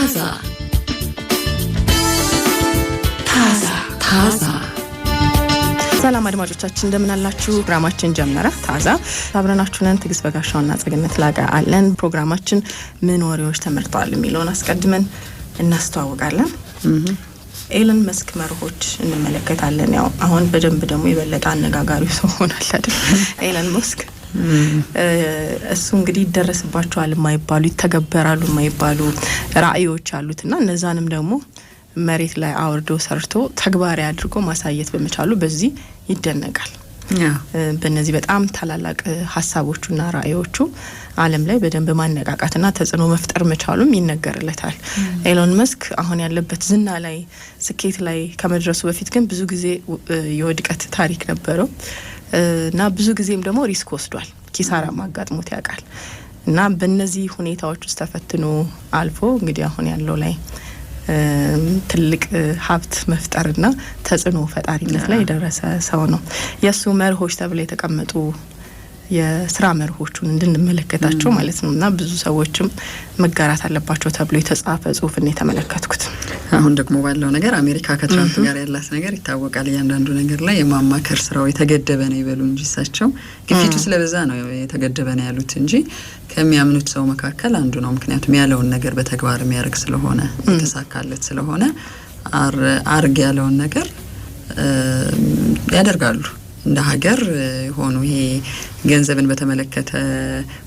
ታዛ ታዛ ታዛ ሰላም አድማጮቻችን እንደምናላችሁ። ፕሮግራማችን ጀመረ። ታዛ አብረናችሁ ነን። ትግስት በጋሻውና ጸግነት ላቀ አለን። ፕሮግራማችን ምን ወሬዎች ተመርጠዋል የሚለውን አስቀድመን እናስተዋውቃለን። ኤለን መስክ መርሆች እንመለከታለን። ያው አሁን በደንብ ደግሞ የበለጠ አነጋጋሪ ሰው ሆናል አይደል? ኤለን መስክ እሱ እንግዲህ ይደረስባቸዋል የማይባሉ ይተገበራሉ የማይባሉ ራዕዮች አሉት እና እነዛንም ደግሞ መሬት ላይ አውርዶ ሰርቶ ተግባራዊ አድርጎ ማሳየት በመቻሉ በዚህ ይደነቃል። በእነዚህ በጣም ታላላቅ ሀሳቦቹና ራዕዮቹ ዓለም ላይ በደንብ ማነቃቃትና ተጽዕኖ መፍጠር መቻሉም ይነገርለታል። ኤሎን መስክ አሁን ያለበት ዝና ላይ ስኬት ላይ ከመድረሱ በፊት ግን ብዙ ጊዜ የውድቀት ታሪክ ነበረው። እና ብዙ ጊዜም ደግሞ ሪስክ ወስዷል፣ ኪሳራም አጋጥሞት ያውቃል። እና በእነዚህ ሁኔታዎች ውስጥ ተፈትኖ አልፎ እንግዲህ አሁን ያለው ላይ ትልቅ ሀብት መፍጠርና ተጽዕኖ ፈጣሪነት ላይ የደረሰ ሰው ነው። የእሱ መርሆች ተብለው የተቀመጡ የስራ መርሆቹን እንድንመለከታቸው ማለት ነው እና ብዙ ሰዎችም መጋራት አለባቸው ተብሎ የተጻፈ ጽሁፍን የተመለከትኩት። አሁን ደግሞ ባለው ነገር አሜሪካ ከትራምፕ ጋር ያላት ነገር ይታወቃል። እያንዳንዱ ነገር ላይ የማማከር ስራው የተገደበ ነው ይበሉ እንጂ እሳቸው ግፊቱ ስለበዛ ነው የተገደበ ነው ያሉት እንጂ ከሚያምኑት ሰው መካከል አንዱ ነው። ምክንያቱም ያለውን ነገር በተግባር የሚያደርግ ስለሆነ የተሳካለት ስለሆነ አርግ ያለውን ነገር ያደርጋሉ። እንደ ሀገር የሆኑ ይሄ ገንዘብን በተመለከተ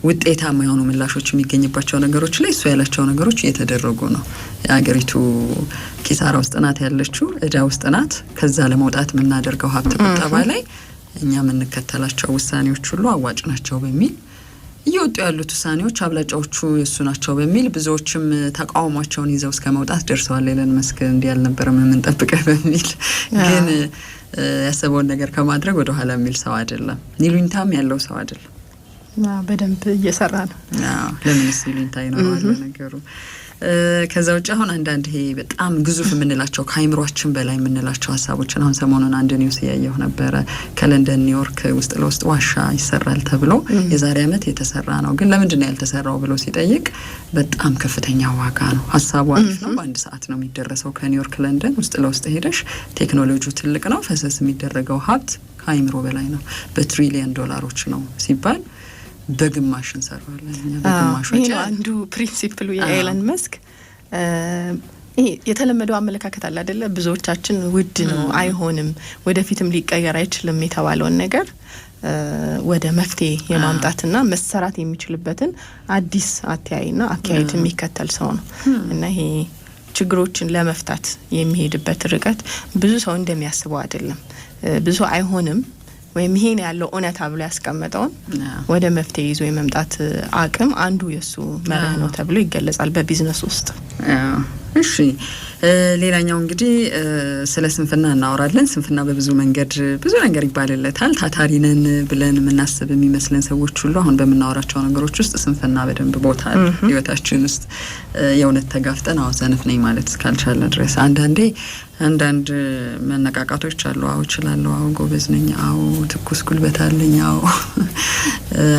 ውጤታማ የሆኑ ምላሾች የሚገኝባቸው ነገሮች ላይ እሱ ያላቸው ነገሮች እየተደረጉ ነው። የሀገሪቱ ኪሳራ ውስጥ ናት ያለችው፣ እዳ ውስጥ ናት። ከዛ ለመውጣት የምናደርገው ሀብት ቁጠባ ላይ እኛ የምንከተላቸው ውሳኔዎች ሁሉ አዋጭ ናቸው በሚል እየወጡ ያሉት ውሳኔዎች አብላጫዎቹ የእሱ ናቸው በሚል ብዙዎችም ተቃውሟቸውን ይዘው እስከ መውጣት ደርሰዋል። ሌለን መስክ እንዲህ ያልነበረም የምንጠብቀ በሚል ግን ያሰበውን ነገር ከማድረግ ወደ ኋላ የሚል ሰው አይደለም። ይሉኝታም ያለው ሰው አይደለም። በደንብ እየሰራ ነው። ለምንስ ይሉኝታ ይኖረዋል ነገሩ ከዛ ውጭ አሁን አንዳንድ ይሄ በጣም ግዙፍ የምንላቸው ከአይምሯችን በላይ የምንላቸው ሀሳቦችን አሁን ሰሞኑን አንድ ኒውስ እያየሁ ነበረ። ከለንደን ኒውዮርክ ውስጥ ለውስጥ ዋሻ ይሰራል ተብሎ የዛሬ አመት የተሰራ ነው፣ ግን ለምንድን ነው ያልተሰራው ብሎ ሲጠይቅ በጣም ከፍተኛ ዋጋ ነው። ሀሳቡ አሪፍ ነው፣ በአንድ ሰዓት ነው የሚደረሰው ከኒውዮርክ ለንደን። ውስጥ ለውስጥ ሄደሽ ቴክኖሎጂው ትልቅ ነው። ፈሰስ የሚደረገው ሀብት ከአይምሮ በላይ ነው። በትሪሊየን ዶላሮች ነው ሲባል በግማሽ እንሰራዋለን። በግማሽ አንዱ ፕሪንሲፕሉ የኤለን መስክ ይሄ የተለመደው አመለካከት አለ አደለ? ብዙዎቻችን ውድ ነው አይሆንም፣ ወደፊትም ሊቀየር አይችልም የተባለውን ነገር ወደ መፍትሄ የማምጣትና መሰራት የሚችልበትን አዲስ አተያይና አካሄድ የሚከተል ሰው ነው እና ይሄ ችግሮችን ለመፍታት የሚሄድበት ርቀት ብዙ ሰው እንደሚያስበው አይደለም። ብዙ አይሆንም ወይም ይሄን ያለው እውነታ ብሎ ያስቀመጠውን ወደ መፍትሄ ይዞ የመምጣት አቅም አንዱ የሱ መርህ ነው ተብሎ ይገለጻል በቢዝነስ ውስጥ። እሺ ሌላኛው እንግዲህ ስለ ስንፍና እናወራለን። ስንፍና በብዙ መንገድ ብዙ ነገር ይባልለታል። ታታሪነን ብለን የምናስብ የሚመስለን ሰዎች ሁሉ አሁን በምናወራቸው ነገሮች ውስጥ ስንፍና በደንብ ቦታ ህይወታችን ውስጥ የእውነት ተጋፍጠን አዎ ሰነፍ ነኝ ማለት እስካልቻለ ድረስ አንዳንዴ አንዳንድ መነቃቃቶች አሉ። አዎ እችላለሁ፣ አዎ ጎበዝ ነኝ፣ አዎ ትኩስ ጉልበት አለኝ፣ አዎ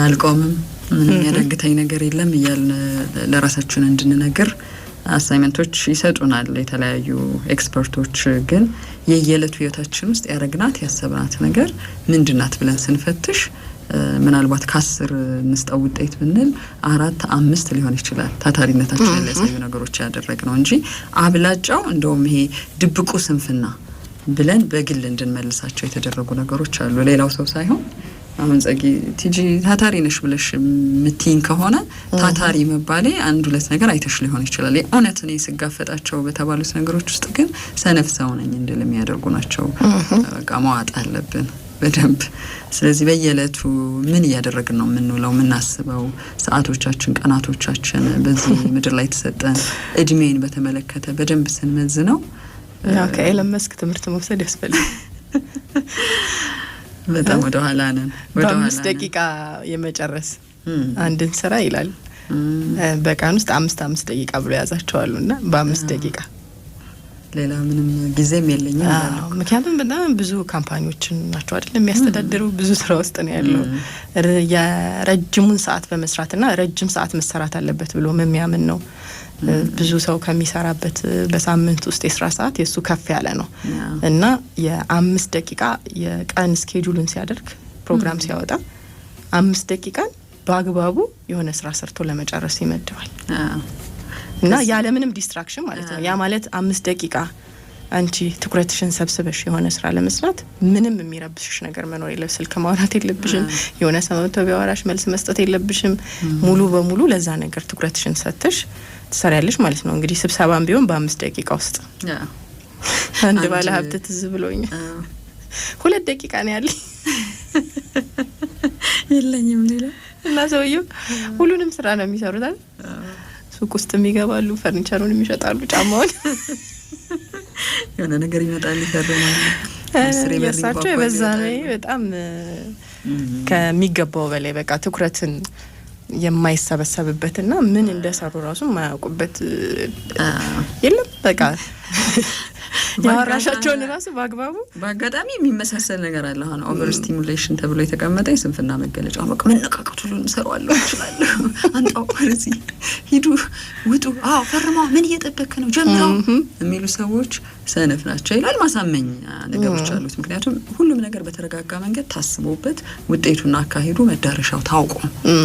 አልቆምም፣ ምንም ያዳግተኝ ነገር የለም እያልን ለራሳችን እንድንነግር አሳይመንቶች ይሰጡናል የተለያዩ ኤክስፐርቶች። ግን የየለቱ ህይወታችን ውስጥ ያደረግናት ያሰብናት ነገር ምንድናት ብለን ስንፈትሽ ምናልባት ከአስር እንስጠው ውጤት ብንል አራት አምስት ሊሆን ይችላል ታታሪነታችን ያሳዩ ነገሮች ያደረግ ነው እንጂ አብላጫው እንደውም ይሄ ድብቁ ስንፍና ብለን በግል እንድንመልሳቸው የተደረጉ ነገሮች አሉ። ሌላው ሰው ሳይሆን አሁን ጸጊ ቲጂ ታታሪ ነሽ ብለሽ የምትይኝ ከሆነ ታታሪ መባሌ አንድ ሁለት ነገር አይተሽ ሊሆን ይችላል። የእውነት እኔ ስጋፈጣቸው በተባሉት ነገሮች ውስጥ ግን ሰነፍ ሰው ነኝ እንድል የሚያደርጉ ናቸው። በቃ መዋጥ አለብን በደንብ። ስለዚህ በየእለቱ ምን እያደረግን ነው የምንውለው? የምናስበው ሰዓቶቻችን፣ ቀናቶቻችን በዚህ ምድር ላይ የተሰጠን እድሜን በተመለከተ በደንብ ስንመዝ ነው ከኤለን መስክ ትምህርት መውሰድ ያስፈልጋል። በጣም ወደ ኋላ ነን። በአምስት ደቂቃ የመጨረስ አንድን ስራ ይላል። በቀን ውስጥ አምስት አምስት ደቂቃ ብሎ ያዛቸዋሉ እና በአምስት ደቂቃ ሌላ ምንም ጊዜም የለኝም። ምክንያቱም በጣም ብዙ ካምፓኒዎችን ናቸው አይደል የሚያስተዳድሩ። ብዙ ስራ ውስጥ ነው ያለው። የረጅሙን ሰዓት በመስራትና ረጅም ሰዓት መሰራት አለበት ብሎ የሚያምን ነው። ብዙ ሰው ከሚሰራበት በሳምንት ውስጥ የስራ ሰዓት የእሱ ከፍ ያለ ነው እና የአምስት ደቂቃ የቀን ስኬጁሉን ሲያደርግ ፕሮግራም ሲያወጣ አምስት ደቂቃን በአግባቡ የሆነ ስራ ሰርቶ ለመጨረስ ይመደዋል። እና ያለምንም ዲስትራክሽን ማለት ነው። ያ ማለት አምስት ደቂቃ አንቺ ትኩረትሽን ሰብስበሽ የሆነ ስራ ለመስራት ምንም የሚረብሽሽ ነገር መኖር የለብ ስልክ ማውራት የለብሽም። የሆነ ሰመቶ ቢያወራሽ መልስ መስጠት የለብሽም። ሙሉ በሙሉ ለዛ ነገር ትኩረትሽን ሰጥተሽ ትሰሪያለሽ ማለት ነው። እንግዲህ ስብሰባም ቢሆን በአምስት ደቂቃ ውስጥ አንድ ባለ ሀብት ትዝ ብሎኝ ሁለት ደቂቃ ነው ያለ የለኝም ሌላ እና ሰውየው ሁሉንም ስራ ነው የሚሰሩታል ሱቅ ውስጥ የሚገባሉ፣ ፈርኒቸሩን የሚሸጣሉ፣ ጫማውን የሆነ ነገር ይመጣል፣ ይፈርማሉ። የእሳቸው የበዛ ነው። በጣም ከሚገባው በላይ በቃ ትኩረትን የማይሰበሰብበትና ምን እንደሰሩ ራሱ የማያውቁበት የለም በቃ ያወራሻቸውን ራሱ በአግባቡ በአጋጣሚ የሚመሳሰል ነገር አለ። አሁን ኦቨር ስቲሙሌሽን ተብሎ የተቀመጠ የስንፍና መገለጫ በቃ መነቃቀቱ ሉ እንሰራዋለሁ እችላለሁ። አንጣው እዚህ ሂዱ፣ ውጡ፣ አዎ ፈርማ፣ ምን እየጠበክ ነው ጀምረው የሚሉ ሰዎች ሰነፍ ናቸው ይላል። ማሳመኛ ነገሮች አሉት። ምክንያቱም ሁሉም ነገር በተረጋጋ መንገድ ታስቦበት ውጤቱና አካሄዱ መዳረሻው ታውቆ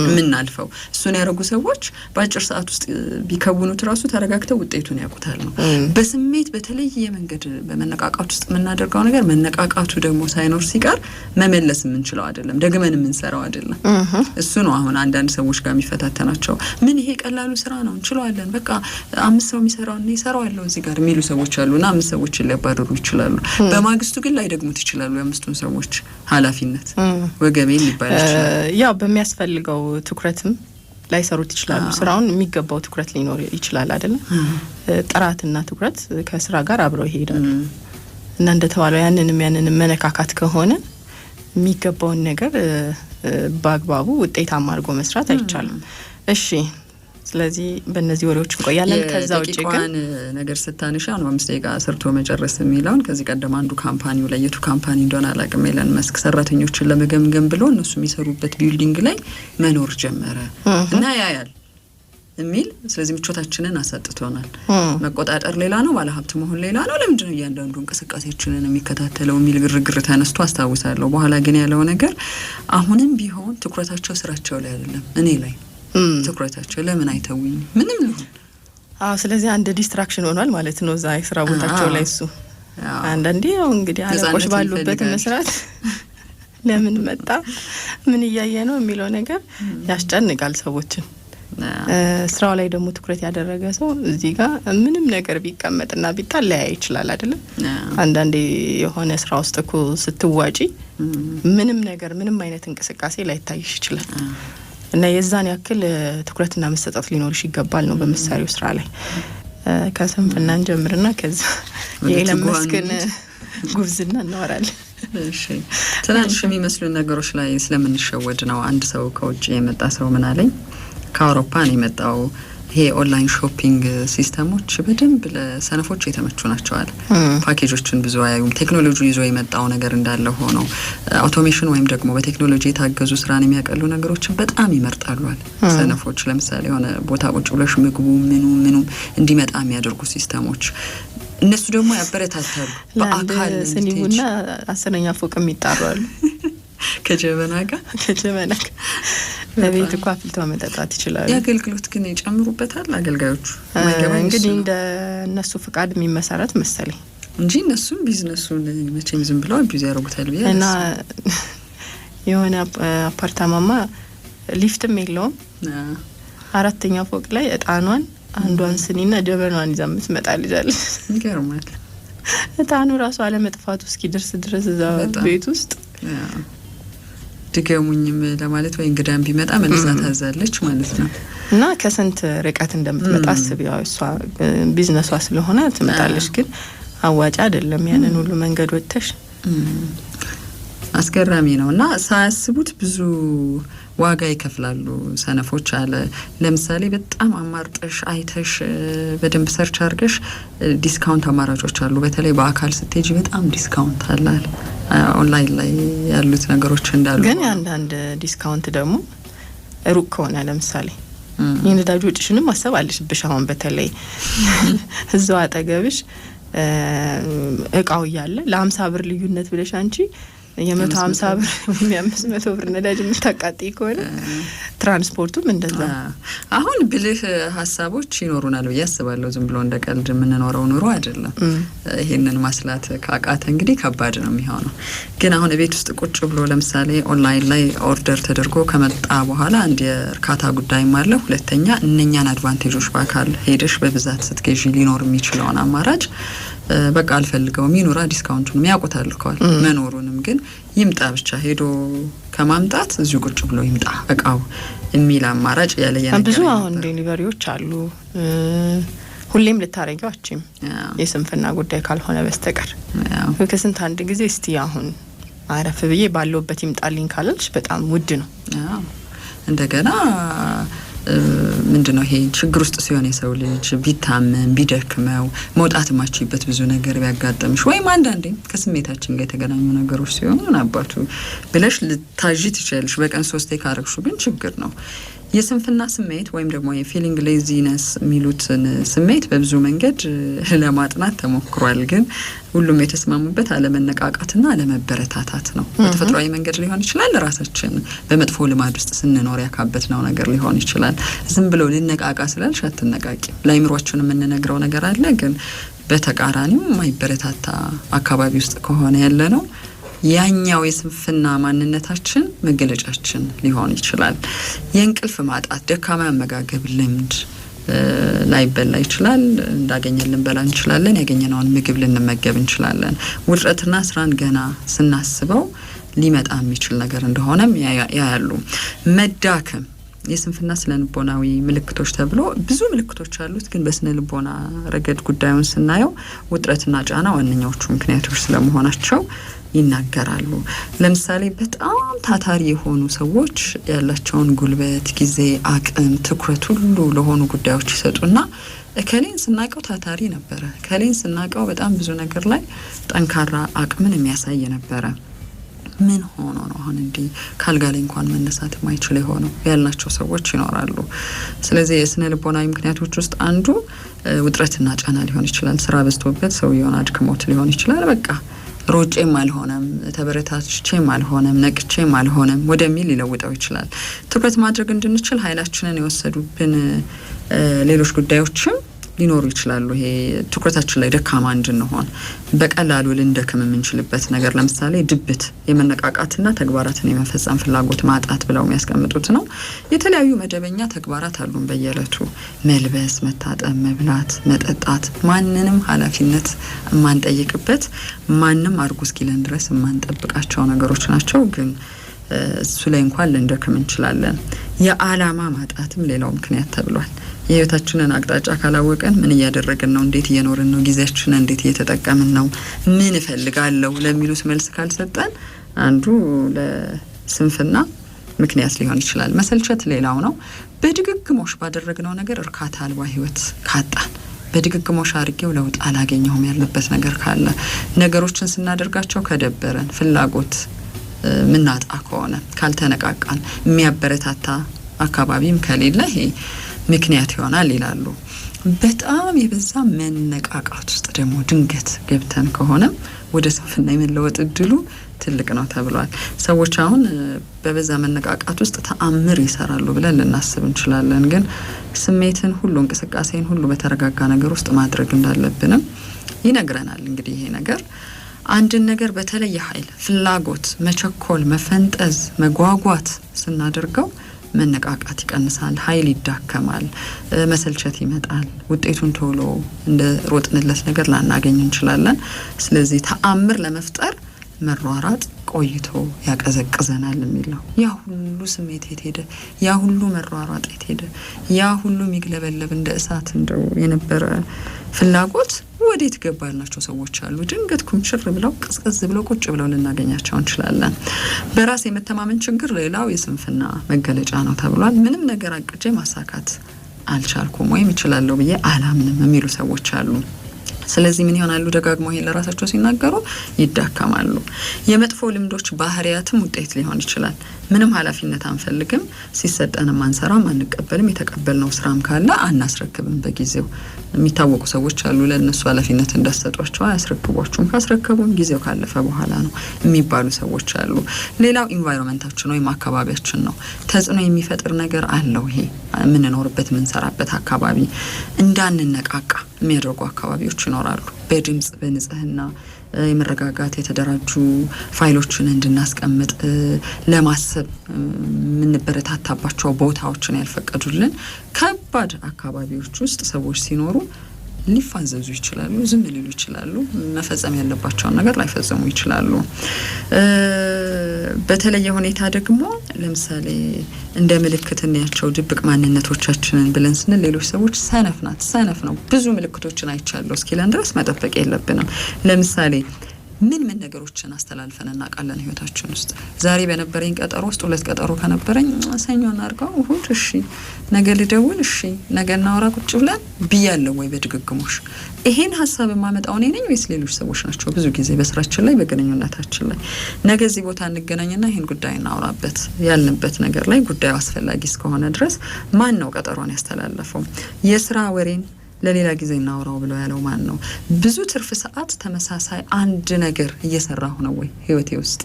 የምናልፈው እሱን ያደረጉ ሰዎች በአጭር ሰዓት ውስጥ ቢከውኑት ራሱ ተረጋግተው ውጤቱን ያውቁታል ነው። በስሜት በተለየ መንገድ በመነቃቃት ውስጥ የምናደርገው ነገር መነቃቃቱ ደግሞ ሳይኖር ሲቀር መመለስ የምንችለው አይደለም፣ ደግመን የምንሰራው አይደለም። እሱ ነው አሁን አንዳንድ ሰዎች ጋር የሚፈታተናቸው። ምን ይሄ ቀላሉ ስራ ነው እንችለዋለን፣ በቃ አምስት ሰው የሚሰራው እኔ እሰራዋለሁ እዚህ ጋር የሚሉ ሰዎች አሉና ሰዎችን ሊያባረሩ ይችላሉ። በማግስቱ ግን ላይደግሙት ይችላሉ። የአምስቱን ሰዎች ኃላፊነት ወገቤን ሊባል ይችላል። ያው በሚያስፈልገው ትኩረትም ላይሰሩት ይችላሉ። ስራውን የሚገባው ትኩረት ሊኖር ይችላል አይደለም። ጥራትና ትኩረት ከስራ ጋር አብረው ይሄዳሉ እና እንደተባለው ያንንም ያንንም መነካካት ከሆነ የሚገባውን ነገር በአግባቡ ውጤታማ አድርጎ መስራት አይቻልም። እሺ ስለዚህ በእነዚህ ወሬዎች እንቆያለን። ከዛ ውጭ ግን ነገር ስታንሻ አሁን አምስት ደቂቃ ሰርቶ መጨረስ የሚለውን ከዚህ ቀደም አንዱ ካምፓኒው ላይ የቱ ካምፓኒ እንደሆነ አላቅም ኤለን መስክ ሰራተኞችን ለመገምገም ብሎ እነሱ የሚሰሩበት ቢልዲንግ ላይ መኖር ጀመረ እና ያያል የሚል ስለዚህ ምቾታችንን አሳጥቶናል። መቆጣጠር ሌላ ነው፣ ባለሀብት መሆን ሌላ ነው። ለምንድነው እያንዳንዱ እንቅስቃሴችንን የሚከታተለው የሚል ግርግር ተነስቶ አስታውሳለሁ። በኋላ ግን ያለው ነገር አሁንም ቢሆን ትኩረታቸው ስራቸው ላይ አይደለም እኔ ላይ ትኩረታቸው ለምን አይተውኝ ምንም ልሁን። አዎ፣ ስለዚህ አንድ ዲስትራክሽን ሆኗል ማለት ነው እዛ የስራ ቦታቸው ላይ እሱ። አንዳንዴ ያው እንግዲህ አለቆች ባሉበት መስራት ለምን መጣ ምን እያየ ነው የሚለው ነገር ያስጨንቃል ሰዎችን። ስራው ላይ ደግሞ ትኩረት ያደረገ ሰው እዚህ ጋር ምንም ነገር ቢቀመጥና ቢጣል ሊያይ ይችላል አይደለም። አንዳንዴ የሆነ ስራ ውስጥ እኮ ስትዋጪ ምንም ነገር ምንም አይነት እንቅስቃሴ ላይታይሽ ይችላል። እና የዛን ያክል ትኩረትና መሰጠት ሊኖርሽ ይገባል ነው በመሳሪያው ስራ ላይ ከስንፍናን ጀምርና ከዛ የኤለም መስክን ጉብዝና እናወራለን። ትናንሽ የሚመስሉ ነገሮች ላይ ስለምንሸወድ ነው። አንድ ሰው ከውጭ የመጣ ሰው ምን አለኝ፣ ከአውሮፓ ነው የመጣው ይሄ ኦንላይን ሾፒንግ ሲስተሞች በደንብ ለሰነፎች የተመቹ ናቸዋል። ፓኬጆችን ብዙ አያዩም። ቴክኖሎጂ ይዞ የመጣው ነገር እንዳለ ሆኖ አውቶሜሽን ወይም ደግሞ በቴክኖሎጂ የታገዙ ስራን የሚያቀሉ ነገሮችን በጣም ይመርጣሉል ሰነፎች። ለምሳሌ የሆነ ቦታ ቁጭ ብለሽ ምግቡ ምኑ ምኑ እንዲመጣ የሚያደርጉ ሲስተሞች እነሱ ደግሞ ያበረታታሉ። በአካል ስኒቡና አስረኛ ፎቅ የሚጣሯሉ ከጀበና ጋር ከጀበና ጋር በቤት እኮ አፍልተው መጠጣት ይችላሉ። የአገልግሎት ግን ይጨምሩበታል አገልጋዮቹ። እንግዲህ እንደ እነሱ ፍቃድ የሚመሰረት መሰለኝ እንጂ እነሱም ቢዝነሱን መቼም ዝም ብለው ቢዚ ያደርጉታል ብዬ እና የሆነ አፓርታማማ ሊፍትም የለውም አራተኛ ፎቅ ላይ እጣኗን አንዷን ስኒና ጀበኗን ይዛ የምትመጣ ልጅ አለች። ይገርማል። እጣኑ ራሱ አለመጥፋቱ እስኪደርስ ድረስ እዛ ቤት ውስጥ ድገሙኝም ለማለት ወይ እንግዳም ቢመጣ መልሳ ታዛለች ማለት ነው። እና ከስንት ርቀት እንደምትመጣ ያው እሷ ቢዝነሷ ስለሆነ ትመጣለች፣ ግን አዋጭ አይደለም ያንን ሁሉ መንገድ ወጥተሽ። አስገራሚ ነው እና ሳያስቡት ብዙ ዋጋ ይከፍላሉ ሰነፎች አለ። ለምሳሌ በጣም አማርጠሽ አይተሽ በደንብ ሰርች አድርገሽ ዲስካውንት አማራጮች አሉ። በተለይ በአካል ስትሄጂ በጣም ዲስካውንት አለ። ኦንላይን ላይ ያሉት ነገሮች እንዳሉ ግን አንዳንድ ዲስካውንት ደግሞ ሩቅ ከሆነ ለምሳሌ የነዳጅ ወጪሽንም ማሰብ አለሽብሽ። አሁን በተለይ እዛው አጠገብሽ እቃው እያለ ለሀምሳ ብር ልዩነት ብለሽ አንቺ የመቶ ሀምሳ ብር ወይም የአምስት መቶ ብር ነዳጅ የምታቃጥይ ከሆነ ትራንስፖርቱም እንደዛ። አሁን ብልህ ሀሳቦች ይኖሩናል ብዬ አስባለሁ። ዝም ብሎ እንደ ቀልድ የምንኖረው ኑሮ አይደለም። ይህንን ማስላት ካቃተ እንግዲህ ከባድ ነው የሚሆነው። ግን አሁን ቤት ውስጥ ቁጭ ብሎ ለምሳሌ ኦንላይን ላይ ኦርደር ተደርጎ ከመጣ በኋላ አንድ የእርካታ ጉዳይም አለ። ሁለተኛ እነኛን አድቫንቴጆች በአካል ሄደሽ በብዛት ስትገዢ ሊኖር የሚችለውን አማራጭ በቃ አልፈልገውም ይኑራ፣ ዲስካውንቱንም ያውቁታል ልከዋል መኖሩንም ግን ይምጣ ብቻ ሄዶ ከማምጣት እዚሁ ቁጭ ብሎ ይምጣ እቃው የሚል አማራጭ ያለየ ብዙ አሁን ዴሊቨሪዎች አሉ። ሁሌም ልታረጊው አችም የስንፍና ጉዳይ ካልሆነ በስተቀር ከስንት አንድ ጊዜ እስቲ አሁን አረፍ ብዬ ባለውበት ይምጣልኝ ካለች በጣም ውድ ነው። እንደገና ምንድነው ይሄ ችግር ውስጥ ሲሆን የሰው ልጅ ቢታመም ቢደክመው መውጣት ማችበት ብዙ ነገር ቢያጋጠምሽ ወይም አንዳንዴ ከስሜታችን ጋር የተገናኙ ነገሮች ሲሆኑ አባቱ ብለሽ ልታዥ ትችላለሽ። በቀን ሶስቴ ካረግሹ ግን ችግር ነው። የስንፍና ስሜት ወይም ደግሞ የፊሊንግ ሌዚነስ የሚሉትን ስሜት በብዙ መንገድ ለማጥናት ተሞክሯል። ግን ሁሉም የተስማሙበት አለመነቃቃትና አለመበረታታት ነው። በተፈጥሯዊ መንገድ ሊሆን ይችላል። ራሳችን በመጥፎ ልማድ ውስጥ ስንኖር ያካበትነው ነገር ሊሆን ይችላል። ዝም ብሎ ልነቃቃ ስላልሽ አትነቃቂ። ለአይምሯችን የምንነግረው ነገር አለ። ግን በተቃራኒው የማይበረታታ አካባቢ ውስጥ ከሆነ ያለ ነው ያኛው የስንፍና ማንነታችን መገለጫችን ሊሆን ይችላል። የእንቅልፍ ማጣት፣ ደካማ አመጋገብ ልምድ ላይበላ ይችላል። እንዳገኘልን ልንበላ እንችላለን። ያገኘነውን ምግብ ልንመገብ እንችላለን። ውጥረትና ስራን ገና ስናስበው ሊመጣ የሚችል ነገር እንደሆነም ያያሉ። መዳከም የስንፍና ስነ ልቦናዊ ምልክቶች ተብሎ ብዙ ምልክቶች አሉት። ግን በስነ ልቦና ረገድ ጉዳዩን ስናየው ውጥረትና ጫና ዋነኛዎቹ ምክንያቶች ስለመሆናቸው ይናገራሉ። ለምሳሌ በጣም ታታሪ የሆኑ ሰዎች ያላቸውን ጉልበት፣ ጊዜ፣ አቅም፣ ትኩረት ሁሉ ለሆኑ ጉዳዮች ይሰጡና ከሌን ስናቀው ታታሪ ነበረ፣ ከሌን ስናቀው በጣም ብዙ ነገር ላይ ጠንካራ አቅምን የሚያሳይ ነበረ ምን ሆኖ ነው አሁን እንዲህ ካልጋ ላይ እንኳን መነሳት የማይችል የሆነው ያልናቸው ሰዎች ይኖራሉ። ስለዚህ የስነ ልቦናዊ ምክንያቶች ውስጥ አንዱ ውጥረትና ጫና ሊሆን ይችላል። ስራ በዝቶበት ሰውየውን አድክሞት ሊሆን ይችላል። በቃ ሮጬም አልሆነም፣ ተበረታችቼም አልሆነም፣ ነቅቼም አልሆነም ወደሚል ሊለውጠው ይችላል። ትኩረት ማድረግ እንድንችል ኃይላችንን የወሰዱብን ሌሎች ጉዳዮችም ሊኖሩ ይችላሉ። ይሄ ትኩረታችን ላይ ደካማ እንድንሆን በቀላሉ ልንደክም የምንችልበት ነገር ለምሳሌ ድብት፣ የመነቃቃትና ተግባራትን የመፈጸም ፍላጎት ማጣት ብለው የሚያስቀምጡት ነው። የተለያዩ መደበኛ ተግባራት አሉን በየዕለቱ መልበስ፣ መታጠብ፣ መብላት፣ መጠጣት ማንንም ኃላፊነት የማንጠይቅበት ማንም አድርጎ እስኪለን ድረስ የማንጠብቃቸው ነገሮች ናቸው ግን እሱ ላይ እንኳን ልንደክም እንችላለን። የዓላማ ማጣትም ሌላው ምክንያት ተብሏል። የህይወታችንን አቅጣጫ ካላወቀን ምን እያደረግን ነው? እንዴት እየኖርን ነው? ጊዜያችንን እንዴት እየተጠቀምን ነው? ምን እፈልጋለሁ ለሚሉት መልስ ካልሰጠን አንዱ ለስንፍና ምክንያት ሊሆን ይችላል። መሰልቸት ሌላው ነው። በድግግሞሽ ባደረግነው ነገር እርካታ አልባ ህይወት ካጣን በድግግሞሽ አድርጌው ለውጥ አላገኘሁም ያለበት ነገር ካለ ነገሮችን ስናደርጋቸው ከደበረን ፍላጎት ምናጣ ከሆነ ካልተነቃቃን የሚያበረታታ አካባቢም ከሌለ ይሄ ምክንያት ይሆናል ይላሉ። በጣም የበዛ መነቃቃት ውስጥ ደግሞ ድንገት ገብተን ከሆነም ወደ ስንፍና የመለወጥ እድሉ ትልቅ ነው ተብሏል። ሰዎች አሁን በበዛ መነቃቃት ውስጥ ተአምር ይሰራሉ ብለን ልናስብ እንችላለን። ግን ስሜትን ሁሉ እንቅስቃሴን ሁሉ በተረጋጋ ነገር ውስጥ ማድረግ እንዳለብንም ይነግረናል። እንግዲህ ይሄ ነገር አንድን ነገር በተለየ ኃይል፣ ፍላጎት፣ መቸኮል፣ መፈንጠዝ፣ መጓጓት ስናደርገው መነቃቃት ይቀንሳል፣ ኃይል ይዳከማል፣ መሰልቸት ይመጣል። ውጤቱን ቶሎ እንደ ሮጥንለት ነገር ላናገኝ እንችላለን። ስለዚህ ተአምር ለመፍጠር መሯራጥ ቆይቶ ያቀዘቅዘናል የሚለው ያ ሁሉ ስሜት የት ሄደ? ያ ሁሉ መሯሯጥ የት ሄደ? ያ ሁሉ የሚግለበለብ እንደ እሳት እንደው የነበረ ፍላጎት ወዴት ገባ ያልናቸው ሰዎች አሉ። ድንገት ኩምሽር ብለው ቅዝቅዝ ብለው ቁጭ ብለው ልናገኛቸው እንችላለን። በራስ የመተማመን ችግር ሌላው የስንፍና መገለጫ ነው ተብሏል። ምንም ነገር አቅጄ ማሳካት አልቻልኩም ወይም እችላለሁ ብዬ አላምንም የሚሉ ሰዎች አሉ። ስለዚህ ምን ይሆናሉ? ደጋግሞ ይሄን ለራሳቸው ሲናገሩ ይዳከማሉ። የመጥፎ ልምዶች ባህሪያትም ውጤት ሊሆን ይችላል። ምንም ኃላፊነት አንፈልግም፣ ሲሰጠንም አንሰራም፣ አንቀበልም። የተቀበልነው ስራም ካለ አናስረክብም በጊዜው። የሚታወቁ ሰዎች አሉ፣ ለእነሱ ኃላፊነት እንዳሰጧቸው አያስረክቧችሁም፣ ካስረከቡም ጊዜው ካለፈ በኋላ ነው የሚባሉ ሰዎች አሉ። ሌላው ኢንቫይሮንመንታችን ወይም አካባቢያችን ነው። ተጽዕኖ የሚፈጥር ነገር አለው። ይሄ የምንኖርበት የምንሰራበት አካባቢ እንዳንነቃቃ የሚያደርጉ አካባቢዎች ነው ይኖራሉ። በድምፅ በንጽህና የመረጋጋት የተደራጁ ፋይሎችን እንድናስቀምጥ ለማሰብ የምንበረታታባቸው ቦታዎችን ያልፈቀዱልን ከባድ አካባቢዎች ውስጥ ሰዎች ሲኖሩ ሊፋዘዙ ይችላሉ፣ ዝም ሊሉ ይችላሉ፣ መፈጸም ያለባቸውን ነገር ላይፈጽሙ ይችላሉ። በተለየ ሁኔታ ደግሞ ለምሳሌ እንደ ምልክት እንያቸው ድብቅ ማንነቶቻችንን ብለን ስንል ሌሎች ሰዎች ሰነፍ ናት፣ ሰነፍ ነው፣ ብዙ ምልክቶችን አይቻለሁ እስኪለን ድረስ መጠበቅ የለብንም። ለምሳሌ ምን ምን ነገሮችን አስተላልፈን እናውቃለን ህይወታችን ውስጥ? ዛሬ በነበረኝ ቀጠሮ ውስጥ ሁለት ቀጠሮ ከነበረኝ ሰኞ እናርገው፣ እሁድ እሺ፣ ነገ ልደውል፣ እሺ፣ ነገ እናውራ ቁጭ ብለን ብያለሁ ወይ? በድግግሞሽ ይሄን ሀሳብ የማመጣው እኔ ነኝ ወይስ ሌሎች ሰዎች ናቸው? ብዙ ጊዜ በስራችን ላይ በግንኙነታችን ላይ ነገ እዚህ ቦታ እንገናኝና ይህን ጉዳይ እናውራበት ያልንበት ነገር ላይ ጉዳዩ አስፈላጊ እስከሆነ ድረስ ማን ነው ቀጠሮን ያስተላለፈው? የስራ ወሬን ለሌላ ጊዜ እናውራው ብለው ያለው ማን ነው? ብዙ ትርፍ ሰዓት ተመሳሳይ አንድ ነገር እየሰራሁ ነው ወይ ህይወቴ ውስጥ?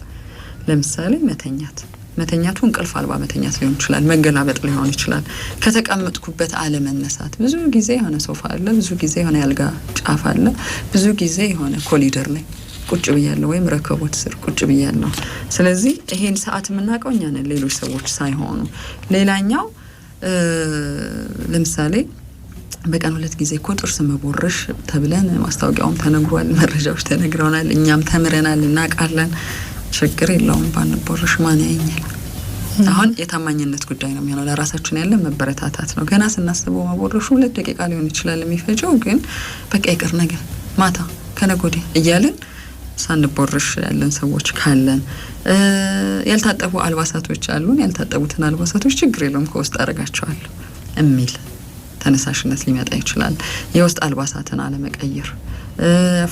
ለምሳሌ መተኛት መተኛቱ እንቅልፍ አልባ መተኛት ሊሆን ይችላል፣ መገላበጥ ሊሆን ይችላል፣ ከተቀመጥኩበት አለመነሳት። ብዙ ጊዜ የሆነ ሶፋ አለ፣ ብዙ ጊዜ የሆነ ያልጋ ጫፍ አለ፣ ብዙ ጊዜ የሆነ ኮሊደር ላይ ቁጭ ብያለሁ ወይም ረከቦት ስር ቁጭ ብያለሁ። ስለዚህ ይሄን ሰዓት የምናውቀው እኛ ነን፣ ሌሎች ሰዎች ሳይሆኑ። ሌላኛው ለምሳሌ በቀን ሁለት ጊዜ እኮ ጥርስ መቦረሽ ተብለን ማስታወቂያውም ተነግሯል፣ መረጃዎች ተነግረውናል፣ እኛም ተምረናል፣ እናውቃለን። ችግር የለውም ባንቦረሽ ማን ያየኛል? አሁን የታማኝነት ጉዳይ ነው የሚሆነው። ለራሳችን ያለ መበረታታት ነው። ገና ስናስበው መቦረሹ ሁለት ደቂቃ ሊሆን ይችላል የሚፈጀው፣ ግን በቃ ይቅር ነገር ማታ ከነጎዴ እያልን ሳንቦርሽ ያለን ሰዎች ካለን ያልታጠቡ አልባሳቶች አሉን። ያልታጠቡትን አልባሳቶች ችግር የለውም ከውስጥ አረጋቸዋለሁ የሚል ተነሳሽነት ሊመጣ ይችላል። የውስጥ አልባሳትን አለመቀየር፣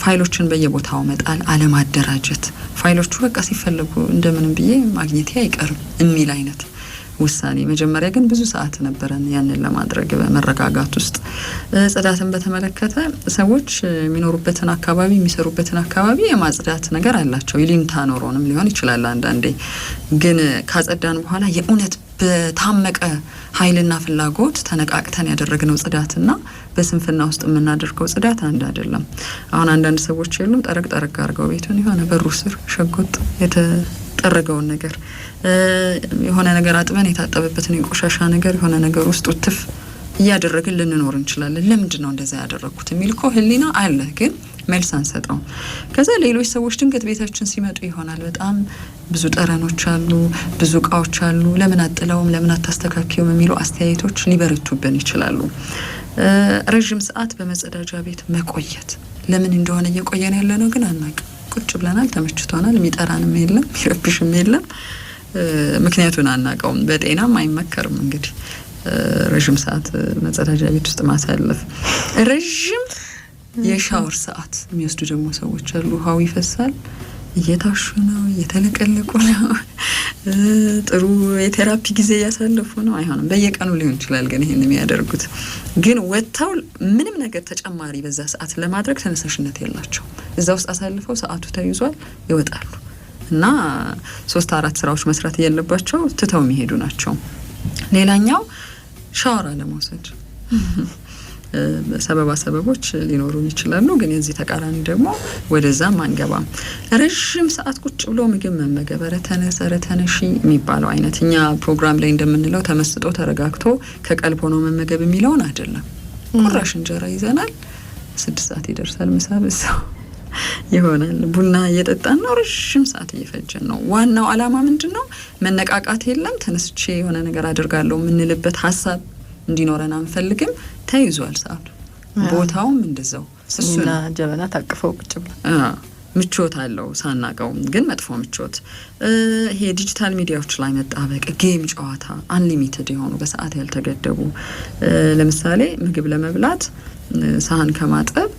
ፋይሎችን በየቦታው መጣል፣ አለማደራጀት፣ ፋይሎቹ በቃ ሲፈለጉ እንደምንም ብዬ ማግኘቴ አይቀርም የሚል አይነት ውሳኔ። መጀመሪያ ግን ብዙ ሰዓት ነበረን ያንን ለማድረግ በመረጋጋት ውስጥ። ጽዳትን በተመለከተ ሰዎች የሚኖሩበትን አካባቢ የሚሰሩበትን አካባቢ የማጽዳት ነገር አላቸው። ይሊምታ ኖሮንም ሊሆን ይችላል አንዳንዴ። ግን ካጸዳን በኋላ የእውነት በታመቀ ኃይልና ፍላጎት ተነቃቅተን ያደረግነው ጽዳትና በስንፍና ውስጥ የምናደርገው ጽዳት አንድ አይደለም። አሁን አንዳንድ ሰዎች የሉም ጠረቅ ጠረቅ አድርገው ቤቱን የሆነ በሩ ስር ሸጎጥ የተጠረገውን ነገር የሆነ ነገር አጥበን የታጠበበትን የቆሻሻ ነገር የሆነ ነገር ውስጥ ውትፍ እያደረግን ልንኖር እንችላለን። ለምንድን ነው እንደዛ ያደረግኩት የሚል እኮ ህሊና አለ ግን መልስ አንሰጠው። ከዛ ሌሎች ሰዎች ድንገት ቤታችን ሲመጡ ይሆናል በጣም ብዙ ጠረኖች አሉ፣ ብዙ እቃዎች አሉ፣ ለምን አጥለውም፣ ለምን አታስተካክዩም የሚሉ አስተያየቶች ሊበረቱብን ይችላሉ። ረዥም ሰዓት በመጸዳጃ ቤት መቆየት ለምን እንደሆነ እየቆየን ያለ ነው ግን አናውቅም። ቁጭ ብለናል፣ ተመችቶናል፣ የሚጠራንም የለም፣ የሚረብሽም የለም። ምክንያቱን አናውቀውም። በጤናም አይመከርም እንግዲህ ረዥም ሰዓት መጸዳጃ ቤት ውስጥ ማሳለፍ ረዥም የሻወር ሰዓት የሚወስዱ ደግሞ ሰዎች አሉ። ውሃው ይፈሳል፣ እየታሹ ነው፣ እየተለቀለቁ ነው፣ ጥሩ የቴራፒ ጊዜ እያሳለፉ ነው። አይሆንም። በየቀኑ ሊሆን ይችላል፣ ግን ይህን የሚያደርጉት ግን ወጥተው ምንም ነገር ተጨማሪ በዛ ሰዓት ለማድረግ ተነሳሽነት የላቸው። እዛ ውስጥ አሳልፈው ሰዓቱ ተይዟል ይወጣሉ እና ሶስት አራት ስራዎች መስራት እያለባቸው ትተው የሚሄዱ ናቸው። ሌላኛው ሻወር አለመውሰድ ሰበባ ሰበቦች ሊኖሩን ይችላሉ። ግን የዚህ ተቃራኒ ደግሞ ወደዛም አንገባም። ረዥም ሰዓት ቁጭ ብሎ ምግብ መመገብ ረተነስ ረተነሺ የሚባለው አይነት እኛ ፕሮግራም ላይ እንደምንለው ተመስጦ ተረጋግቶ ከቀልብ ሆኖ መመገብ የሚለውን አይደለም። ቁራሽ እንጀራ ይዘናል፣ ስድስት ሰዓት ይደርሳል ምሳ ብሰው ይሆናል ቡና እየጠጣን ነው። ረዥም ሰዓት እየፈጀን ነው። ዋናው አላማ ምንድን ነው? መነቃቃት የለም። ተነስቼ የሆነ ነገር አድርጋለሁ የምንልበት ሀሳብ እንዲኖረን አንፈልግም። ተይዟል ሰዓቱ፣ ቦታውም እንደዛው እሱና ጀበና ታቅፈው ቁጭ ብላ ምቾት አለው ሳናቀውም፣ ግን መጥፎ ምቾት። ይሄ ዲጂታል ሚዲያዎች ላይ መጣበቅ፣ ጌም ጨዋታ፣ አንሊሚትድ የሆኑ በሰዓት ያልተገደቡ ለምሳሌ ምግብ ለመብላት ሳህን ከማጠብ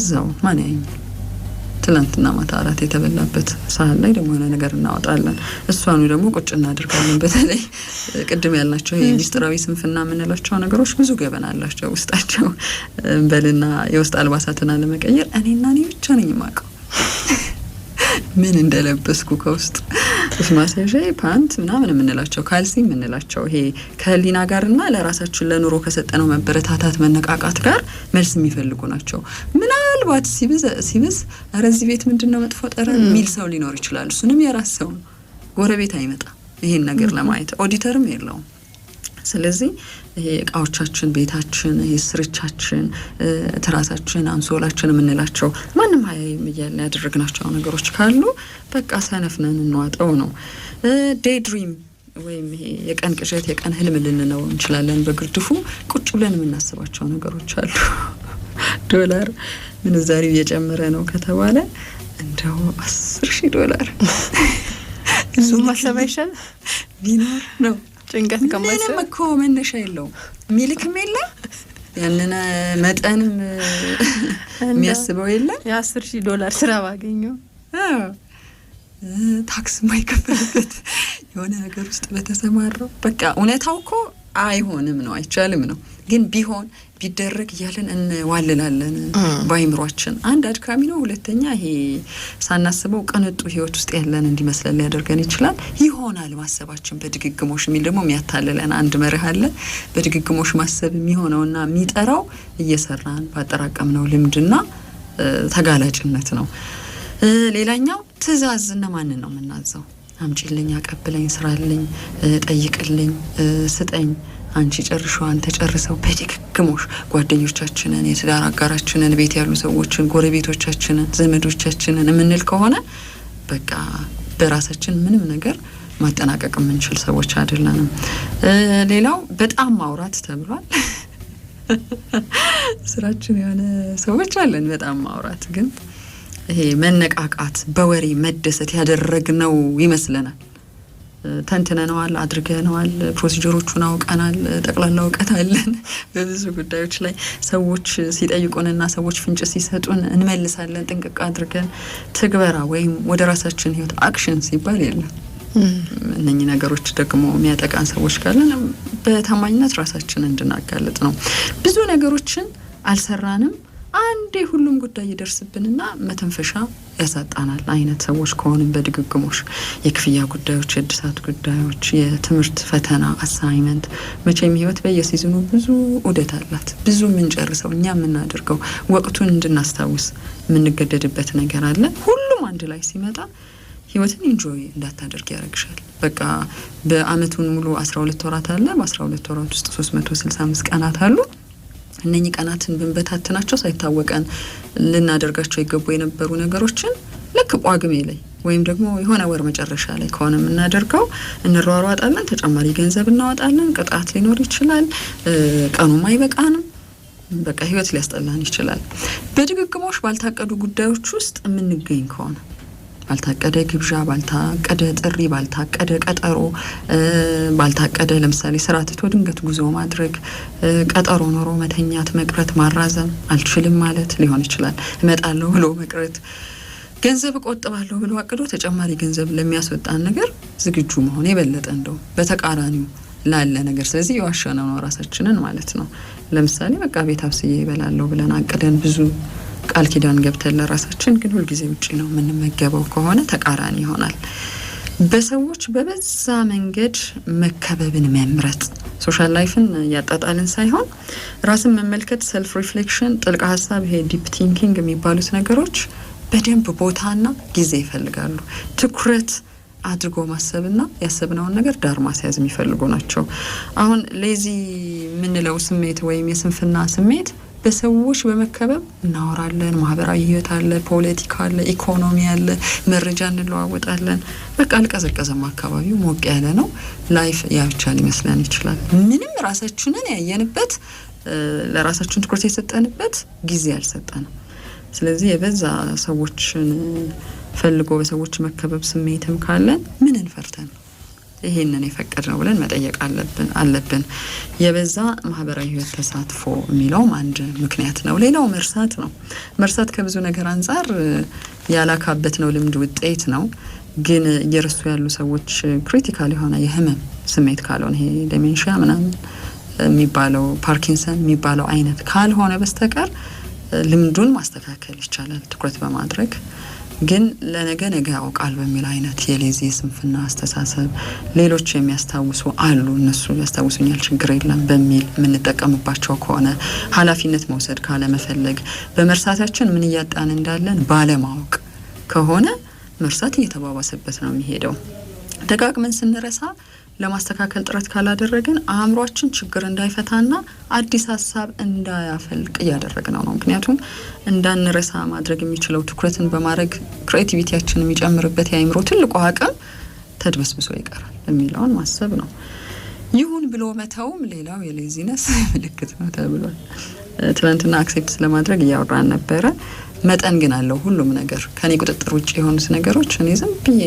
እዛው ማን ያኛል ትላንትና ማታ አራት የተበላበት ሳህን ላይ ደግሞ የሆነ ነገር እናወጣለን። እሷኑ ደግሞ ቁጭ እናደርጋለን። በተለይ ቅድም ያልናቸው ሚስጥራዊ ስንፍና የምንላቸው ነገሮች ብዙ ገበና አላቸው ውስጣቸው። በልና የውስጥ አልባሳትን አለመቀየር እኔና እኔ ብቻ ነኝ የማውቀው። ምን እንደለበስኩ ከውስጥ ጡት ማስያዣ ፓንት ምናምን የምንላቸው ካልሲ የምንላቸው ይሄ ከህሊና ጋርና ለራሳችን ለኑሮ ከሰጠነው መበረታታት መነቃቃት ጋር መልስ የሚፈልጉ ናቸው። ምናልባት ሲብዝ ኧረ እዚህ ቤት ምንድን ነው መጥፎ ጠረ የሚል ሰው ሊኖር ይችላል። እሱንም የራስ ሰው ነው፣ ጎረቤት አይመጣ ይሄን ነገር ለማየት ኦዲተርም የለውም። ስለዚህ ይሄ እቃዎቻችን፣ ቤታችን፣ ይሄ ስርቻችን፣ ትራሳችን፣ አንሶላችን የምንላቸው ማንም ሀያይም እያልን ያደረግናቸው ነገሮች ካሉ በቃ ሰነፍነን እንዋጠው ነው። ድሪም ወይም ይሄ የቀን ቅዠት፣ የቀን ህልም ልንነው እንችላለን። በግርድፉ ቁጭ ብለን የምናስባቸው ነገሮች አሉ። ዶላር ምንዛሪው እየጨመረ ነው ከተባለ እንደው አስር ሺህ ዶላር እሱም ማሰብ አይሻል ቢኖር ነው ጭንቀት ምንም እኮ መነሻ የለውም። ሚልክም የለ ያንን መጠንም የሚያስበው የለ። የአስር ሺህ ዶላር ስራ ባገኘው ታክስ ማይከፈልበት የሆነ ነገር ውስጥ በተሰማራው በቃ እውነታው እኮ አይሆንም ነው አይቻልም ነው ግን ቢሆን ቢደረግ እያለን እንዋልላለን በአይምሯችን። አንድ አድካሚ ነው። ሁለተኛ ይሄ ሳናስበው ቅንጡ ህይወት ውስጥ ያለን እንዲመስለን ሊያደርገን ይችላል። ይሆናል ማሰባችን በድግግሞሽ የሚል ደግሞ የሚያታልለን አንድ መርህ አለ። በድግግሞሽ ማሰብ የሚሆነውና የሚጠራው እየሰራን ባጠራቀምነው ልምድና ተጋላጭነት ነው። ሌላኛው ትዕዛዝ እነማንን ነው የምናዘው? አምጪልኝ፣ አቀብለኝ፣ ስራልኝ፣ ጠይቅልኝ፣ ስጠኝ አንቺ ጨርሾ አንተ ጨርሰው በድግግሞሽ ጓደኞቻችንን፣ የትዳር አጋራችንን፣ ቤት ያሉ ሰዎችን፣ ጎረቤቶቻችንን፣ ዘመዶቻችንን የምንል ከሆነ በቃ በራሳችን ምንም ነገር ማጠናቀቅ የምንችል ሰዎች አይደለንም። ሌላው በጣም ማውራት ተብሏል። ስራችን የሆነ ሰዎች አለን በጣም ማውራት ግን ይሄ መነቃቃት በወሬ መደሰት ያደረግነው ይመስለናል። ተንትነነዋል፣ አድርገነዋል፣ ፕሮሲጀሮቹን አውቀናል፣ ጠቅላላ እውቀት አለን። በብዙ ጉዳዮች ላይ ሰዎች ሲጠይቁንና ሰዎች ፍንጭ ሲሰጡን እንመልሳለን ጥንቅቅ አድርገን። ትግበራ ወይም ወደ ራሳችን ህይወት አክሽን ሲባል የለም። እነኚህ ነገሮች ደግሞ የሚያጠቃን ሰዎች ካለን በታማኝነት ራሳችን እንድናጋለጥ ነው። ብዙ ነገሮችን አልሰራንም። አንዴ ሁሉም ጉዳይ ይደርስብንና መተንፈሻ ያሳጣናል አይነት ሰዎች ከሆንም በድግግሞሽ የክፍያ ጉዳዮች፣ የእድሳት ጉዳዮች፣ የትምህርት ፈተና አሳይመንት፣ መቼም ህይወት በየሲዝኑ ብዙ ዑደት አላት። ብዙ የምንጨርሰው እኛ የምናደርገው ወቅቱን እንድናስታውስ የምንገደድበት ነገር አለ። ሁሉም አንድ ላይ ሲመጣ ህይወትን ኢንጆይ እንዳታደርግ ያደርግሻል። በቃ በአመቱን ሙሉ አስራ ሁለት ወራት አለ። በአስራ ሁለት ወራት ውስጥ ሶስት መቶ ስልሳ አምስት ቀናት አሉ። እነኚህ ቀናትን ብንበታትናቸው ሳይታወቀን ልናደርጋቸው ይገቡ የነበሩ ነገሮችን ልክ ጳጉሜ ላይ ወይም ደግሞ የሆነ ወር መጨረሻ ላይ ከሆነ የምናደርገው እንሯሯጣለን፣ ተጨማሪ ገንዘብ እናወጣለን፣ ቅጣት ሊኖር ይችላል፣ ቀኑም አይበቃንም። በቃ ህይወት ሊያስጠላን ይችላል። በድግግሞሽ ባልታቀዱ ጉዳዮች ውስጥ የምንገኝ ከሆነ ባልታቀደ ግብዣ፣ ባልታቀደ ጥሪ፣ ባልታቀደ ቀጠሮ፣ ባልታቀደ ለምሳሌ ስራ ትቶ ድንገት ጉዞ ማድረግ፣ ቀጠሮ ኖሮ መተኛት፣ መቅረት፣ ማራዘም፣ አልችልም ማለት ሊሆን ይችላል። እመጣለሁ ብሎ መቅረት፣ ገንዘብ እቆጥባለሁ ብሎ አቅዶ ተጨማሪ ገንዘብ ለሚያስወጣን ነገር ዝግጁ መሆን የበለጠ እንደው በተቃራኒው ላለ ነገር ስለዚህ የዋሸነው ነው ራሳችንን ማለት ነው። ለምሳሌ በቃ ቤት አብስዬ ይበላለሁ ብለን አቅደን ብዙ ቃል ኪዳን ገብተን ለራሳችን ግን ሁልጊዜ ውጭ ነው የምንመገበው ከሆነ ተቃራኒ ይሆናል። በሰዎች በበዛ መንገድ መከበብን መምረጥ ሶሻል ላይፍን እያጣጣልን ሳይሆን ራስን መመልከት፣ ሰልፍ ሪፍሌክሽን፣ ጥልቅ ሀሳብ፣ ይሄ ዲፕ ቲንኪንግ የሚባሉት ነገሮች በደንብ ቦታና ጊዜ ይፈልጋሉ። ትኩረት አድርጎ ማሰብና ያሰብነውን ነገር ዳር ማስያዝ የሚፈልጉ ናቸው። አሁን ሌዚ የምንለው ስሜት ወይም የስንፍና ስሜት በሰዎች በመከበብ እናወራለን። ማህበራዊ ህይወት አለ፣ ፖለቲካ አለ፣ ኢኮኖሚ አለ፣ መረጃ እንለዋወጣለን። በቃ አልቀዘቀዘም፣ አካባቢው ሞቅ ያለ ነው። ላይፍ ያብቻ ሊመስለን ይችላል። ምንም ራሳችንን ያየንበት ለራሳችን ትኩረት የሰጠንበት ጊዜ አልሰጠንም። ስለዚህ የበዛ ሰዎችን ፈልጎ በሰዎች መከበብ ስሜትም ካለን ምን እንፈርተን ነው? ይሄንን የፈቀድ ነው ብለን መጠየቅ አለብን። የበዛ ማህበራዊ ህይወት ተሳትፎ የሚለውም አንድ ምክንያት ነው። ሌላው መርሳት ነው። መርሳት ከብዙ ነገር አንጻር ያላካበት ነው ልምድ ውጤት ነው። ግን እየረሱ ያሉ ሰዎች ክሪቲካል የሆነ የህመም ስሜት ካልሆነ ይሄ ደሜንሽያ ምናምን የሚባለው ፓርኪንሰን የሚባለው አይነት ካልሆነ በስተቀር ልምዱን ማስተካከል ይቻላል ትኩረት በማድረግ ግን ለነገ ነገ ያውቃል በሚል አይነት የሌዚ ስንፍና አስተሳሰብ ሌሎች የሚያስታውሱ አሉ፣ እነሱ ያስታውሱኛል፣ ችግር የለም በሚል የምንጠቀምባቸው ከሆነ ኃላፊነት መውሰድ ካለመፈለግ፣ በመርሳታችን ምን እያጣን እንዳለን ባለማወቅ ከሆነ መርሳት እየተባባሰበት ነው የሚሄደው። ደጋግመን ስንረሳ ለማስተካከል ጥረት ካላደረግን አእምሯችን ችግር እንዳይፈታና አዲስ ሀሳብ እንዳያፈልቅ እያደረግ ነው። ምክንያቱም እንዳንረሳ ማድረግ የሚችለው ትኩረትን በማድረግ ክሬቲቪቲያችን የሚጨምርበት የአእምሮ ትልቁ አቅም ተድበስብሶ ይቀራል የሚለውን ማሰብ ነው። ይሁን ብሎ መተውም ሌላው የሌዚነስ ምልክት ነው ተብሏል። ትናንትና አክሴፕት ስለማድረግ እያወራን ነበረ። መጠን ግን አለው ሁሉም ነገር። ከኔ ቁጥጥር ውጭ የሆኑት ነገሮች እኔ ዝም ብዬ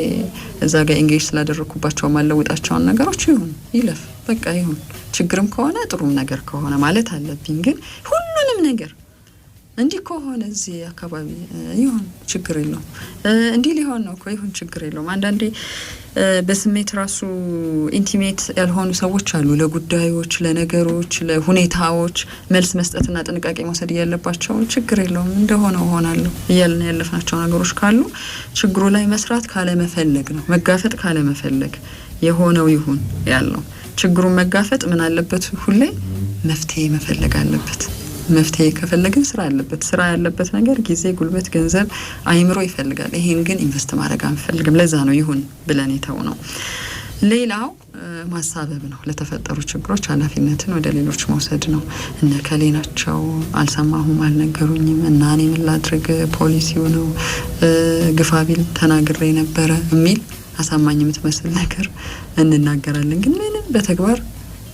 እዛ ጋር ኤንጌጅ ስላደረግኩባቸው ማለውጣቸውን ነገሮች ይሁን ይለፍ፣ በቃ ይሁን። ችግርም ከሆነ ጥሩም ነገር ከሆነ ማለት አለብኝ። ግን ሁሉንም ነገር እንዲህ ከሆነ እዚህ አካባቢ ይሁን ችግር የለውም፣ እንዲህ ሊሆን ነው እኮ ይሁን ችግር የለውም። አንዳንዴ በስሜት ራሱ ኢንቲሜት ያልሆኑ ሰዎች አሉ፣ ለጉዳዮች፣ ለነገሮች፣ ለሁኔታዎች መልስ መስጠትና ጥንቃቄ መውሰድ እያለባቸው ችግር የለውም እንደሆነ ሆናለሁ እያልን ያለፍናቸው ነገሮች ካሉ ችግሩ ላይ መስራት ካለመፈለግ ነው፣ መጋፈጥ ካለመፈለግ የሆነው ይሁን ያለው ችግሩን መጋፈጥ ምን አለበት? ሁሌ መፍትሄ መፈለግ አለበት። መፍትሄ ከፈለግን ስራ ያለበት ስራ ያለበት ነገር ጊዜ፣ ጉልበት፣ ገንዘብ፣ አይምሮ ይፈልጋል። ይሄን ግን ኢንቨስት ማድረግ አንፈልግም። ለዛ ነው ይሁን ብለን የተው ነው። ሌላው ማሳበብ ነው። ለተፈጠሩ ችግሮች ኃላፊነትን ወደ ሌሎች መውሰድ ነው። እነ ከሌ ናቸው፣ አልሰማሁም፣ አልነገሩኝም እና እኔ ምን ላድርግ፣ ፖሊሲው ነው፣ ግፋቢል ተናግሬ ነበረ የሚል አሳማኝ የምትመስል ነገር እንናገራለን፣ ግን ምንም በተግባር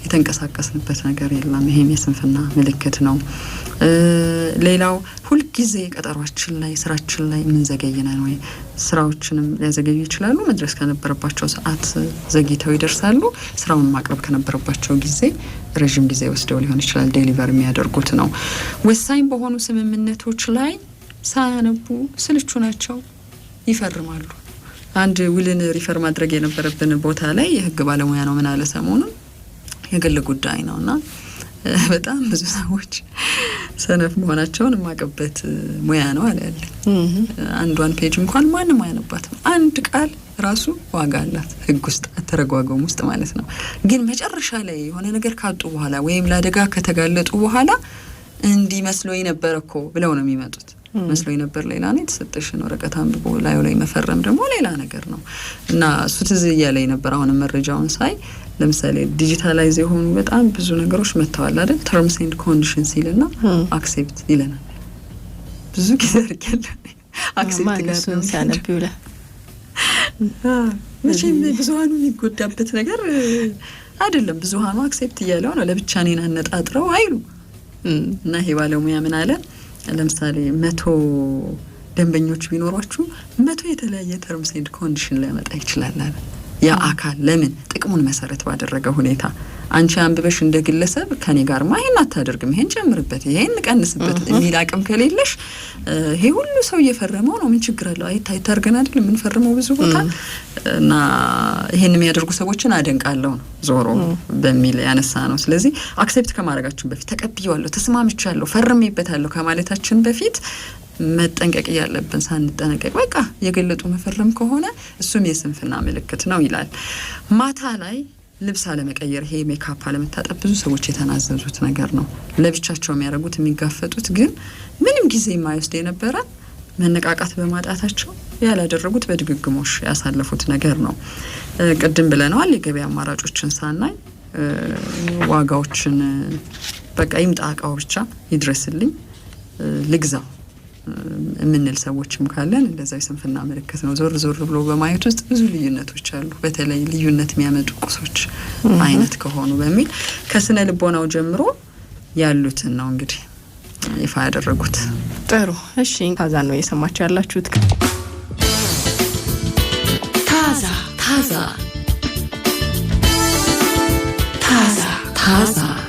የተንቀሳቀስንበት ነገር የለም። ይሄም የስንፍና ምልክት ነው። ሌላው ሁልጊዜ ቀጠሯችን ላይ ስራችን ላይ የምንዘገይነን ወይ ስራዎችንም ሊያዘገዩ ይችላሉ። መድረስ ከነበረባቸው ሰዓት ዘግይተው ይደርሳሉ። ስራውን ማቅረብ ከነበረባቸው ጊዜ ረዥም ጊዜ ወስደው ሊሆን ይችላል ዴሊቨር የሚያደርጉት ነው። ወሳኝ በሆኑ ስምምነቶች ላይ ሳያነቡ ስልቹ ናቸው ይፈርማሉ። አንድ ውልን ሪፈር ማድረግ የነበረብን ቦታ ላይ የህግ ባለሙያ ነው ምን አለ ሰሞኑን የግል ጉዳይ ነው እና በጣም ብዙ ሰዎች ሰነፍ መሆናቸውን የማውቅበት ሙያ ነው አለ ያለኝ። አንዷን ፔጅ እንኳን ማንም አያነባትም። አንድ ቃል ራሱ ዋጋ አላት ህግ ውስጥ አተረጓጎም ውስጥ ማለት ነው። ግን መጨረሻ ላይ የሆነ ነገር ካጡ በኋላ ወይም ለአደጋ ከተጋለጡ በኋላ እንዲህ መስሎኝ ነበር እኮ ብለው ነው የሚመጡት። መስሎ ነበር ሌላ ነው፣ የተሰጠሽን ወረቀት አንብቦ ላዩ ላይ መፈረም ደግሞ ሌላ ነገር ነው እና እሱ ትዝ እያለኝ ነበር አሁንም መረጃውን ሳይ ለምሳሌ ዲጂታላይዝ የሆኑ በጣም ብዙ ነገሮች መጥተዋል አይደል? ተርምስ ኤንድ ኮንዲሽን ሲል ና አክሴፕት ይለናል። ብዙ ጊዜ አድርጊያለሁ አክሴፕት ሲያነብ ይውላል። መቼም ብዙሀኑ የሚጎዳበት ነገር አይደለም። ብዙሀኑ አክሴፕት እያለው ነው። ለብቻ እኔን አነጣጥረው አይሉ እና ይሄ ባለሙያ ምን አለ ለምሳሌ መቶ ደንበኞች ቢኖሯችሁ መቶ የተለያየ ተርምስ ኤንድ ኮንዲሽን ሊያመጣ ይችላል አለ ያ አካል ለምን ጥቅሙን መሰረት ባደረገ ሁኔታ አንቺ አንብበሽ እንደ ግለሰብ ከኔ ጋርማ ይሄን አታደርግም፣ ይሄን ጨምርበት፣ ይሄን ቀንስበት የሚል አቅም ከሌለሽ ይሄ ሁሉ ሰው እየፈረመው ነው። ምን ችግር አለው? አይታ ይታርገን አይደል የምንፈርመው ብዙ ቦታ እና ይሄን የሚያደርጉ ሰዎችን አደንቃለሁ ነው ዞሮ በሚል ያነሳ ነው። ስለዚህ አክሴፕት ከማድረጋችን በፊት ተቀብያለሁ፣ ተስማምቻለሁ፣ ፈርሜበታለሁ ከማለታችን በፊት መጠንቀቅ ያለብን ሳንጠነቀቅ በቃ የገለጡ መፈረም ከሆነ እሱም የስንፍና ምልክት ነው ይላል ማታ ላይ ልብስ አለመቀየር፣ ይሄ ሜካፕ አለመታጠብ ብዙ ሰዎች የተናዘዙት ነገር ነው። ለብቻቸው የሚያደርጉት የሚጋፈጡት፣ ግን ምንም ጊዜ የማይወስድ የነበረ መነቃቃት በማጣታቸው ያላደረጉት በድግግሞሽ ያሳለፉት ነገር ነው። ቅድም ብለነዋል። የገበያ አማራጮችን ሳናይ ዋጋዎችን በቃ ይምጣ እቃው ብቻ ይድረስልኝ ልግዛው የምንል ሰዎችም ካለን እንደዛ የስንፍና ምልክት ነው። ዞር ዞር ብሎ በማየት ውስጥ ብዙ ልዩነቶች አሉ። በተለይ ልዩነት የሚያመጡ ቁሶች አይነት ከሆኑ በሚል ከስነ ልቦናው ጀምሮ ያሉትን ነው እንግዲህ ይፋ ያደረጉት። ጥሩ እሺ፣ ታዛ ነው እየሰማችሁ ያላችሁት። ታዛ ታዛ ታዛ ታዛ